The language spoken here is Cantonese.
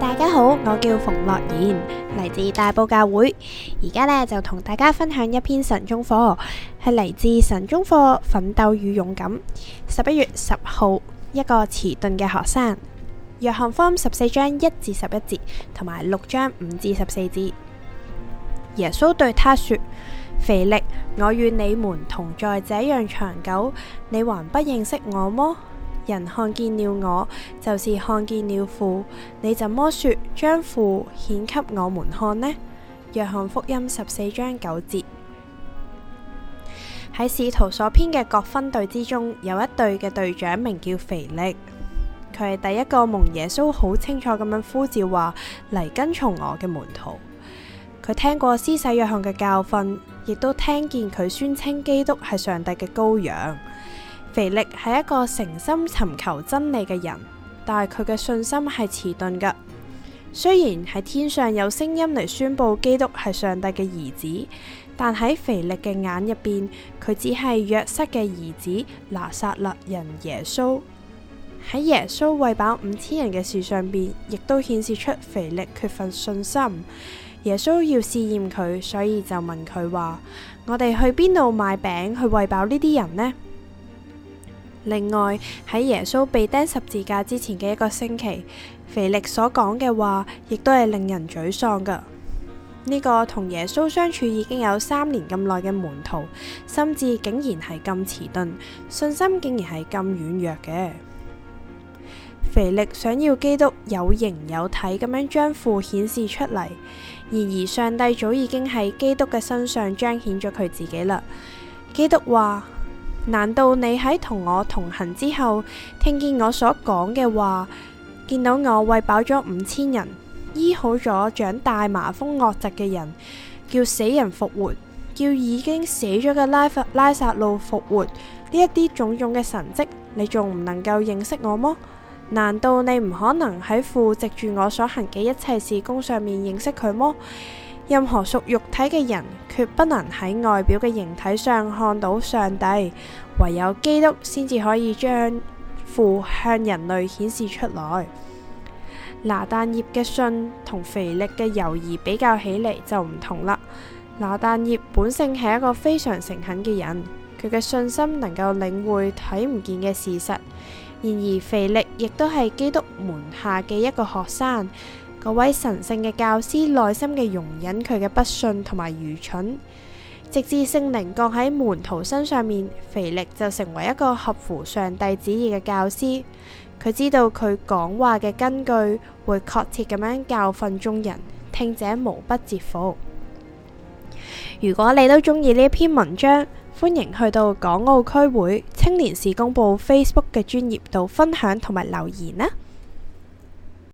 大家好，我叫馮樂妍，嚟自大埔教會。而家呢，就同大家分享一篇神中課，係嚟自神中課《奮鬥與勇敢》。十一月十號，一個遲鈍嘅學生，約翰福音十四章一至十一節，同埋六章五至十四節。耶穌對他說：腓力，我與你們同在這樣長久，你還不認識我麼？人看見了我，就是看見了父。你怎麼說，將父顯給我們看呢？約翰福音十四章九節。喺使徒所編嘅各分隊之中，有一隊嘅隊長名叫腓力，佢係第一個蒙耶穌好清楚咁樣呼召話嚟跟從我嘅門徒。佢聽過施洗約翰嘅教訓，亦都聽見佢宣稱基督係上帝嘅羔羊。腓力係一個誠心尋求真理嘅人，但係佢嘅信心係遲鈍嘅。雖然喺天上有聲音嚟宣布基督係上帝嘅兒子，但喺腓力嘅眼入邊，佢只係約瑟嘅兒子，拿撒勒人耶穌。喺耶穌喂飽五千人嘅事上邊，亦都顯示出腓力缺乏信心。耶穌要試驗佢，所以就問佢話：我哋去邊度買餅去喂飽呢啲人呢？另外喺耶穌被釘十字架之前嘅一個星期，腓力所講嘅話，亦都係令人沮喪噶呢、這個同耶穌相處已經有三年咁耐嘅門徒，心智竟然係咁遲鈍，信心竟然係咁軟弱嘅。腓力想要基督有形有體咁樣將父顯示出嚟，然而上帝早已經喺基督嘅身上彰顯咗佢自己啦。基督話。難道你喺同我同行之後，聽見我所講嘅話，見到我餵飽咗五千人，醫好咗長大麻風惡疾嘅人，叫死人復活，叫已經死咗嘅拉法拉撒路復活，呢一啲種種嘅神蹟，你仲唔能夠認識我麼？難道你唔可能喺付值住我所行嘅一切事工上面認識佢麼？任何屬肉體嘅人，決不能喺外表嘅形體上看到上帝，唯有基督先至可以將父向人類顯示出來。拿但業嘅信同腓力嘅猶疑比較起嚟就唔同啦。拿但業本性係一個非常誠懇嘅人，佢嘅信心能夠領會睇唔見嘅事實。然而腓力亦都係基督門下嘅一個學生。嗰位神聖嘅教師，耐心嘅容忍佢嘅不信同埋愚蠢，直至聖靈降喺門徒身上面，腓力就成為一個合乎上帝旨意嘅教師。佢知道佢講話嘅根據會確切咁樣教訓眾人，聽者無不折服。如果你都中意呢篇文章，歡迎去到港澳區會青年事工部 Facebook 嘅專頁度分享同埋留言啦。